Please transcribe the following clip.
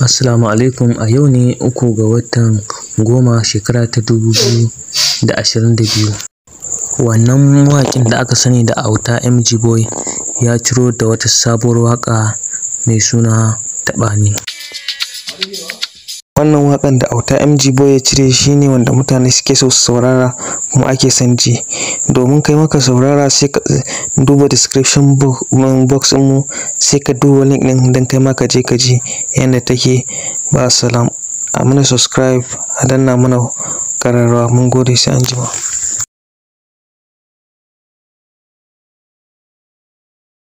Assalamu alaikum a yau ne uku ga watan goma shekara ta dubu biyu da ashirin da biyu. Wannan mawaƙin da aka sani da auta MG Boy ya ciro da wata sabuwar waƙa mai suna taɓa ni. Wannan waƙan da auta MG Boy ya cire shi ne wanda mutane suke so su saurara kuma ake son ji. domin kai maka saurara sai ka eh, duba description box mu sai ka duba link din don kai maka je ka ji yadda take ba salam a mana subscribe a danna mana kararrawa mun gode sai anjima.